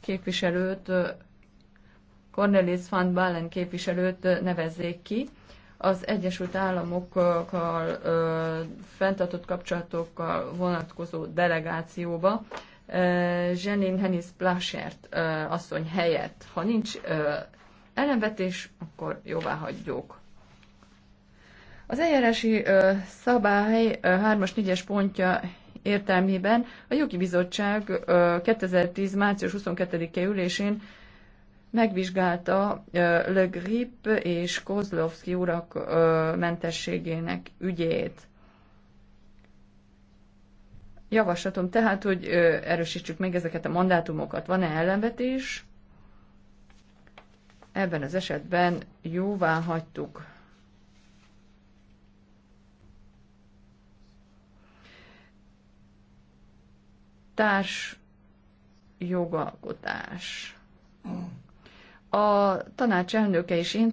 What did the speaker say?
képviselőt, Cornelis van Balen képviselőt nevezzék ki. Az Egyesült Államokkal fenntartott kapcsolatokkal vonatkozó delegációba Jenin Hennis Plashert asszony helyett. Ha nincs ellenvetés, akkor jóvá hagyjuk. Az eljárási szabály 3-as 4-es pontja értelmében a jogi bizottság 2010. március 22-e ülésén megvizsgálta Le Grip és Kozlovski urak mentességének ügyét. Javaslatom tehát, hogy erősítsük meg ezeket a mandátumokat. Van-e ellenvetés? Ebben az esetben jóvá hagytuk társ jogalkotás. A tanács elnöke és én